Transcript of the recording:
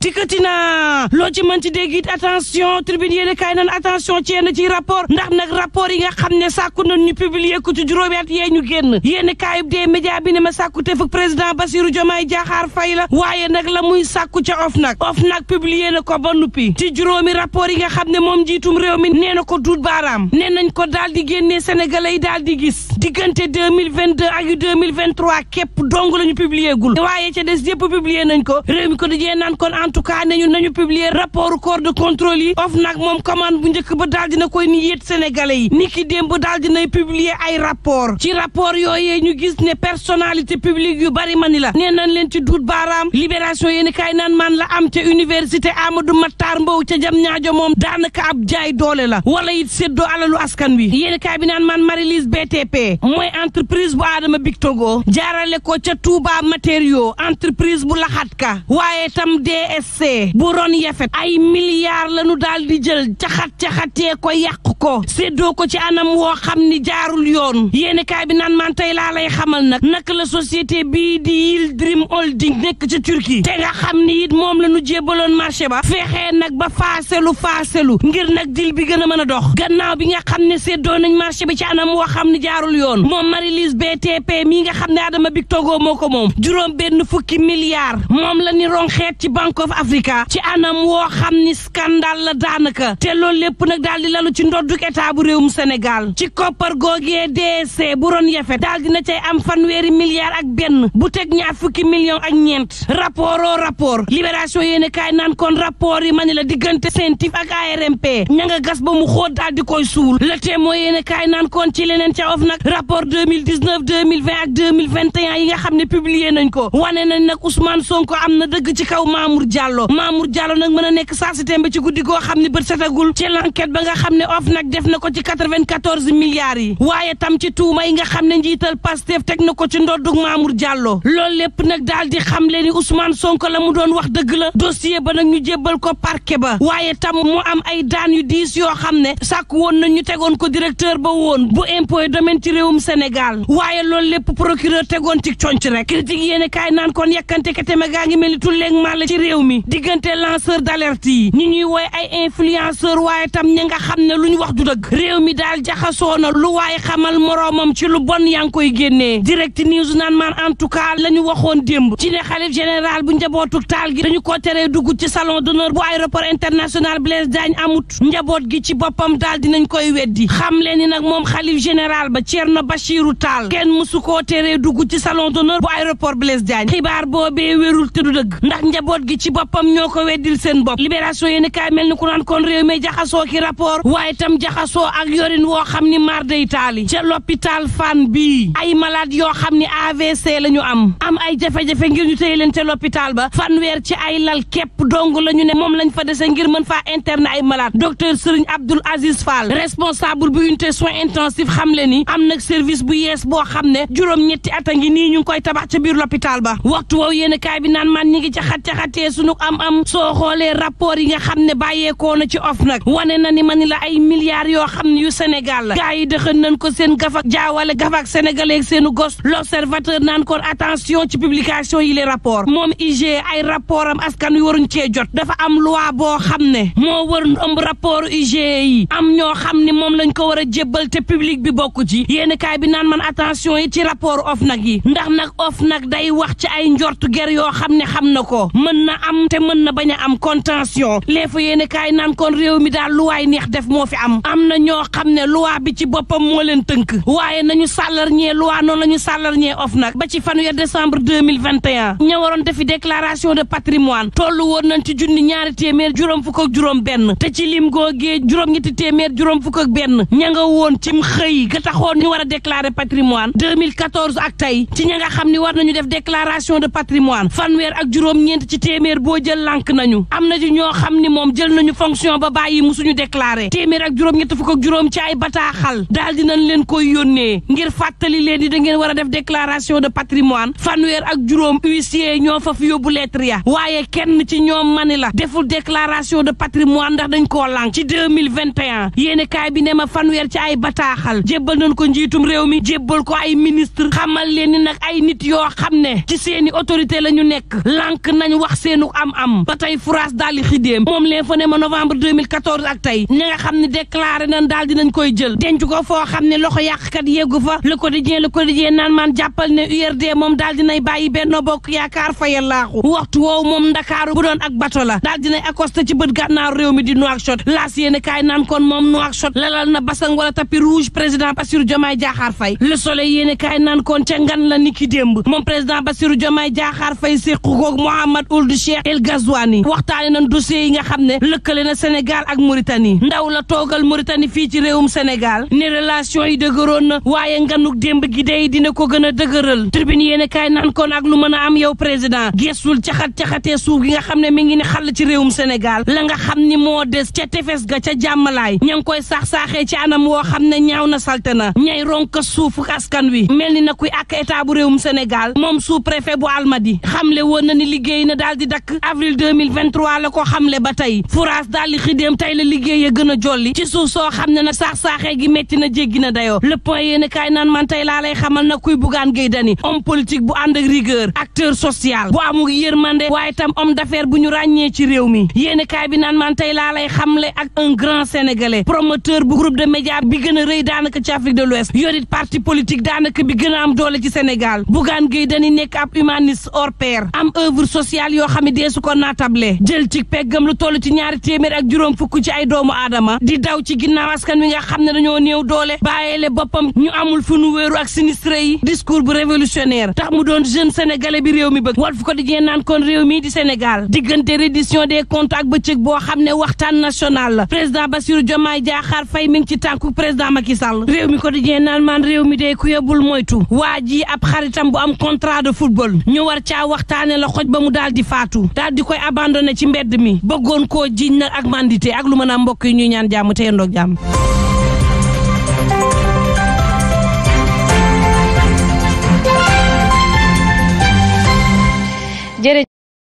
dikkati na loo ci mën ci dégg it attention tribune yéen kaay nan attention ci yenn ci rapport ndax nag rapport yi nga xam ne sàkku nañ ñu publier ko ci juróomi at yee ñu génn yéen kaayub dee média bi ne ma sàkku te fuk président Bassirou Diomaye Diakhar Faye la waaye nag la muy sàkku ca OFNAC OFNAC publier na ko ba nuppi ci juróomi rapport yi nga xam ne moom njiitum réew mi nee na ko duut baaraam nee nañ ko daal di génnee sénégalais yi daal di gis diggante 2022 ak 2023 képp dong la ñu publier gul waaye ca des yëpp publier nañ ko ko dajee naan kon en tout cas ne ñu nañu publier rapport corps de contrôle yi OFNAC moom commande bu njëkk ba daal dina koy ni yéet sénégalais yi niki démb daal dinay publier ay rapport ci rapport yooyee ñu gis ne personnalité publique yu bari mani la nee nañ leen ci duut baaraam libération yéeni kaay naan man la am ca université Amadou Matar Mbow ca jam ñaajo moom daanaka ab jaay doole la wala it séddoo alalu askan wi yéeni kaay bi naan man Marilise BTP mooy entreprise bu Adama Bictogo jaarale ko ca Touba matériaux entreprise bu laxat ka ASC bu ron yafet ay milliards la ñu daal di jël caxat-caxatee ko yàq ko seddoo ko ci anam woo xam ni jaarul yoon yéenekaay bi naan man tey laa lay xamal nag naka la société bii di Yildirim Holding nekk ca Turquie te nga xam ni it moom la nu jébbaloon marché ba fexee nag ba faaselu faaselu ngir nag dil bi gën a mën a dox gannaaw bi nga xam ne séddoo nañ marché bi ci anam woo xam ne jaarul yoon moom Marie-Lise BTP mii nga xam ne Adama Bictogo moo ko moom juróom benn fukki milliards of Africa ci anam woo xam ni scandale la daanaka te loolu lépp nag daal di lalu ci ndodduk état bu mu senegal ci koppar googee DSC bu ron yefe di na cay am fan weeri milliards ak benn bu teg ñaar fukki million ak ñeent rapport au rapport libération yéene kaay naan kon rapport yi ma la diggante CENTIF ak ARMP ña nga gas ba mu xóot daal di koy suul le témoin yéene kaay naan kon ci leneen ca of nag rapport 2019 2020 ak 2021 yi nga xam ne publié ko wane nañ kaw Diallo Mamour Diallo nag mën a nekk saasitémbe ci guddi goo xam ne bët setagul ci l'enquête ba nga xam ne of nag def na ko ci 94 yi waaye tam ci tuuma yi nga xam ne njiital Pastef teg na ko ci ndoddug Mamour Diallo loolu lépp nag daal di xam le ni Ousmane Sonko la mu doon wax dëgg la dossier ba nag ñu jébbal ko parquet ba waaye tam mu am ay daan yu diis yoo xam ne sàkk woon na ñu tegoon ko directeur ba woon bu impôt domaine ci réewum Sénégal waaye loolu mi diggante lanceur d'alerte yi ñi ñuy wooy ay influenceur waaye tam ña nga xam ne lu ñu wax du dëgg réew mi daal jaxasoo na lu waaye xamal moroomam ci lu bon yaa ngi koy génnee direct news naan maan en tout cas la ñu waxoon démb ci ne xalif général bu njabootu taal gi dañu ko teree dugg ci salon d'honneur bu aéroport international Blaise Diagne amut njaboot gi ci boppam daal dinañ koy weddi xam leen ni nag moom xalif général ba Thierno Bachirou Tall kenn musu koo teree dugg ci salon d'honneur bu aéroport Blaise Diagne te du dëgg ndax njaboot boppam ñoo ko weddil seen bopp libération yéeni kaay mel ni ku naan kon réew mi jaxasoo ki rapport waaye tam jaxasoo ak yorin woo xam ni mar day taali ca l'hôpital fan bi ay malade yoo xam ni AVC la ñu am am ay jafe-jafe ngir ñu téye leen ca l'hôpital ba fanweer ci ay lal képp dong la ñu ne moom lañ fa dese ngir mën faa interne ay malade docteur Serigne Abdoul Aziz Fall responsable bu unité soins intensifs xam le ni am nag service bu yees boo xam ne juróom ñetti at nii ñu ngi koy tabax ca biir l'hôpital ba waxtu woow yéen naan man ñi ngi ca xat ca xatee seenu am-am soo xoolee rapport yi nga xam ne bàyyeekoo na ci nag wane na ni ma ni la ay milliards yoo xam ne yu Sénégal la gars yi dëxën nañ ko seen gafak jaawale gafak sénégalais ak seenu gos l'observateur naan kon attention ci publication yi les rapports moom IG ay rapport am askan wi waruñ cee jot dafa am loi boo xam ne moo waruñ ëmb rapport IG yi am ñoo xam ne moom lañ ko war a jébbal te public bi bokk ci yéen kaay bi naan man attention yi ci rapport OFNAC yi ndax nag OFNAC wax ci ay njortu ger yoo xam ne xam am te mën na bañ a am contention léefa yéen kaay naan kon réew mi daal luwaay neex def moo fi am am na ñoo xam ne luwaa bi ci boppam moo leen tënk waaye nañu sàllar ñee luwaa noonu la ñu sàllar ñee of nag ba ci fanweer décembre 2021 ña waroon defi déclaration de patrimoine tollu woon nañ ci junni ñaari téeméer juróom fukk ak juróom benn te ci lim googee juróom-ñetti téeméer juróom fukk ak benn ña nga woon cim xëy ga taxoon ñu war a déclarer patrimoine 2014 ak tey ci ña nga xam ni war nañu def déclaration de patrimoine fanweer ak juróom ci téeméer boo jël lank nañu am na ci ñoo xam ni moom jël nañu fonction ba bàyyi musuñu déclaré téeméer ak juróom ñett fukk ak juróom ci ay bataaxal daal dinañ leen koy yónnee ngir fàttali leen di da ngeen war a def déclaration de patrimoine fanweer ak juróom huissier ñoo fa fi yóbbu lettre ya waaye kenn ci ñoom mani la deful déclaration de patrimoine ndax dañ koo lànk ci 2021 yéene kaay bi ne ma fanweer ci ay bataaxal jébbal nañ ko njiitum réew mi jébbal ko ay ministre xamal leen ni nag ay nit yoo xam ne ci seeni autorité la ñu nekk lànk nañ wax seenu aw am-am ba tey France daal di xidéem moom leen fa ne ma novembre 2014 ak tey ñi nga xam ne déclaré nañ daal dinañ koy jël denc ko foo xam ne loxo yàqkat yeggu fa le quotidien le quotidien naan maan jàppal ne URD moom daal dinay bàyyi Benno Bokk Yaakaar fayal laaxu waxtu woow moom ndakaaru bu doon ak bato la daal dinay accosté ci bët gànnaaru réew mi di Nouakchott laas yéene kaay naan kon moom Nouakchott lalal na basang wala tapis rouge président Bassirou Diomaye Diakhar Faye le soleil yéene kaay naan kon ca ngan la niki démb moom président Bassirou Diomaye Diakhar Faye séqu koog Mouhamed Ould Cheikh Cheikh El Ghazouani waxtaane nañ dossier yi nga xam ne lëkkale na senegal ak Mauritanie ndaw la toogal Mauritanie fii ci réewum Sénégal ne relation yi dëgëroon na waaye nganuk démb gi dey dina ko gën a dëgëral tribune yéen kaay naan kon ak lu mën a am yow président geesul caxat-caxatee suuf gi nga xam ne mi ngi ne xàll ci réewum Sénégal la nga xam ni moo des ca tefes ga ca jàmmalaay ña ngi koy saax-saaxee ci anam woo xam ne ñaaw na salte na ñay ronka suufu askan wi mel ni na kuy ak état bu réewum Sénégal moom sous bu Almadi xamle dëkk avril 2023 la ko xamle ba tey fouraas daal di xidéem tey la liggéey ya a jolli ci suuf soo xam ne nag saax-saaxee gi metti na jéggi na dayoo le point yéen kaay naan man tey laa xamal na kuy bugaan géy dani homme politique bu ànd ak rigueur acteur social bu amul yërmande waaye tam homme d'affaires bu ñu ràññee ci réew mi yéen kaay bi naan man tey laa lay xamle ak un grand sénégalais promoteur bu groupe de médias bi gën a rëy daanaka ci Afrique de l'Ouest yorit parti politique daanaka bi gën a am doole ci Sénégal bugaan géy dani nekk ab humaniste hors pair am œuvre deesu ko naatable jël ci peggam lu toll ci ñaari téeméer ak juróom fukk ci ay doomu aadama di daw ci ginnaaw askan wi nga xam ne dañoo néew doole bàyyeele boppam ñu amul fu nu wéeru ak sinistré yi discours bu révolutionnaire tax mu doon jeune sénégalais bi réew mi bëgg Walf Quotidien naan kon réew mi di Sénégal diggante reddition des comptes ak bëccëg boo xam ne waxtaan national la président Bassirou Diomaye Diakhar Faye mi ngi ci tànku président Macky Sall réew mi Quotidien naan maan réew mi dee ku yebul waa ji ab xaritam bu am contrat de football ñu war caa waxtaane la xoj ba mu daal di faatu daal di koy abandonné ci mbedd mi bëggoon koo jiñ nag ak mandité ak lu mën a mbokk yi ñuy ñaan jàmm te yendoog jàmm